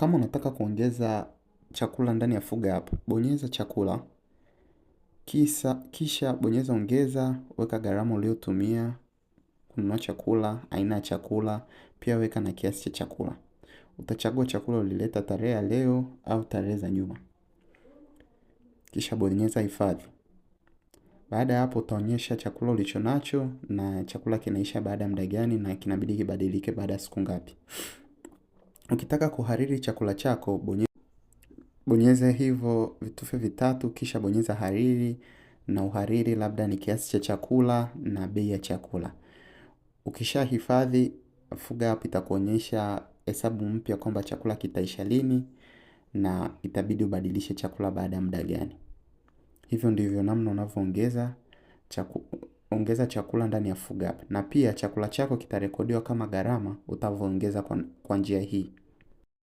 Kama unataka kuongeza chakula ndani ya Fuga app, bonyeza chakula. Kisa, kisha bonyeza ongeza, weka gharama uliotumia kununua chakula, aina ya chakula, pia weka na kiasi cha chakula. Utachagua chakula ulileta tarehe ya leo au tarehe za nyuma. Kisha bonyeza hifadhi. Baada ya hapo utaonyesha chakula ulicho nacho na chakula kinaisha baada ya muda gani na kinabidi kibadilike baada ya siku ngapi. Ukitaka kuhariri chakula chako bonye, bonyeza hivyo vitufe vitatu, kisha bonyeza hariri na uhariri, labda ni kiasi cha chakula na bei ya chakula. Ukisha hifadhi, Fuga app itakuonyesha hesabu mpya kwamba chakula kitaisha lini na itabidi ubadilishe chakula baada ya muda gani. Hivyo ndivyo namna unavyoongeza chaku, ongeza chakula ndani ya Fuga app, na pia chakula chako kitarekodiwa kama gharama utavyoongeza kwa njia hii.